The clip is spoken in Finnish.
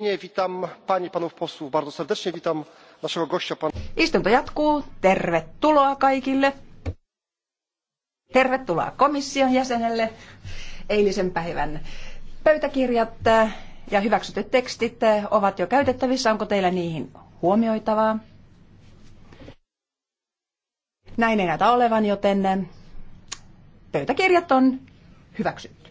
witam panie panów posłów bardzo serdecznie witam naszego gościa pana. istunto jatkuu tervetuloa kaikille tervetuloa komission jäsenelle eilisen päivän pöytäkirjat ja hyväksytyt tekstit ovat jo käytettävissä onko teillä niihin huomioitavaa näin ei näytä olevan joten pöytäkirjat on hyväksytty.